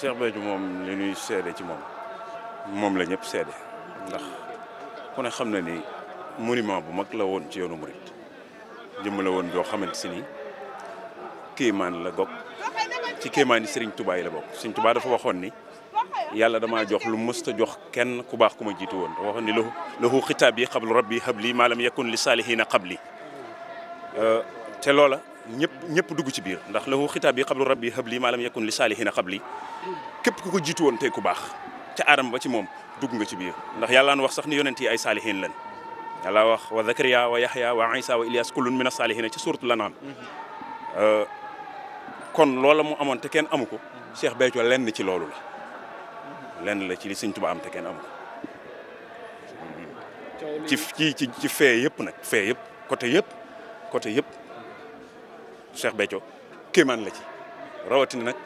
شيخ بيج موم لي نوي سيدي تي موم موم لا نيب سيدي ناخ كون خامنا ني مونيمون بو ماك لا وون تي يونو موريت ديم لا وون جو خامنتيني كيمان لا غوك تي كيمان سيرن توبا يلا بوك سيرن توبا دا فا واخون ني يالا داما جوخ لو مستا جوخ كين كو باخ كوما جيتو وون واخون ني له له خطابي قبل ربي هب لي ما لم يكن لصالحين قبلي ا ñëpp ñëpp dugg ci biir ndax lahu xitaab yi xablu rabbi habli lam yakun li qabli xabli képp ku ko jiitu woon tey ku baax ca aadama ba ci moom dugg nga ci biir ndax yàlla wax sax ni yonent yi ay saalihin lan yàlla wax wa zakariya wa yahya wa isa wa ilias kullun min asaalihina ci suratul anam kon loola mu amoon te kenn amu ko Cheikh Béthio lenn ci loolu la lenn la ci li Sëñ Tuubaa am te kenn amu ko ci ci ci fee yëpp nag fee yëpp côté yëpp côté yëpp Cheikh Béthio kéemaan la ci rawatina nag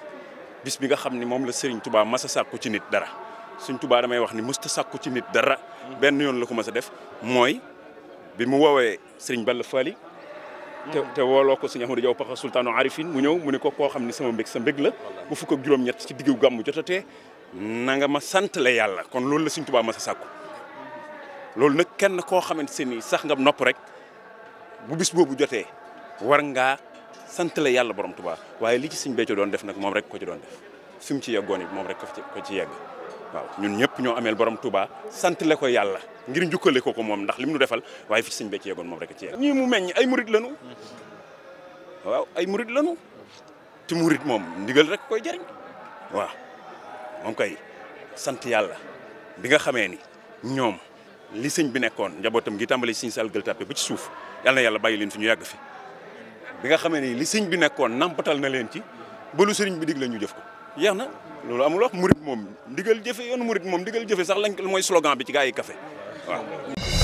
bis bi nga xam ni moom la Serigne Touba mas a ci nit dara suñ Touba damay wax ni musta sàkku ci nit dara mm-hmm. benn yoon la ko mas a def mooy bi mu woowee Serigne Balla Fally te mm-hmm. te ko suñu Ahmadou Diaw Pakha sultaanu mu ñëw mu ne ko koo xam ni sama mbég sa mbég la bu fukk ak juróom-ñett ci diggu gàmmu jotatee na nga ma sant la yàlla kon loolu la suñ Touba mas a sàkku loolu nag kenn koo xamante se ni sax nga nopp rek bu bis boobu jotee war sant la yàlla borom tubaa waaye li ci Sëñ Béthio doon def nag moom rek ko ci doon def fi mu ci moom rek ko ci ko ci yegg waaw ñun ñëpp ñoo ameel borom Tuubaa sant la ko yàlla ngir njukkale ko ko moom ndax lim nu defal waaye fi ci Sëñ Béthio yeggoon moom rek ci yegg. ñii mu meññ ay murit lanu waaw ay murit lanu te murit moom ndigal rek koy jëriñ waaw moom kay sant yàlla bi nga xamee ni ñoom li sëñ bi nekkoon njabootam gi tàmbali sëñ Sall Gueule Tapée ba ci suuf yàlla na yàlla bàyyi leen fi ñu yàgg fi. bi nga xamee ni li sëñ bi nekkoon nampatal na leen ci ba lu sëriñ bi dig la ñu jëf ko yeex na loolu amul wax murit moom ndigal jëfe yoonu murit moom ndigal jëfe sax lañ mooy slogan bi ci gaa yi waaw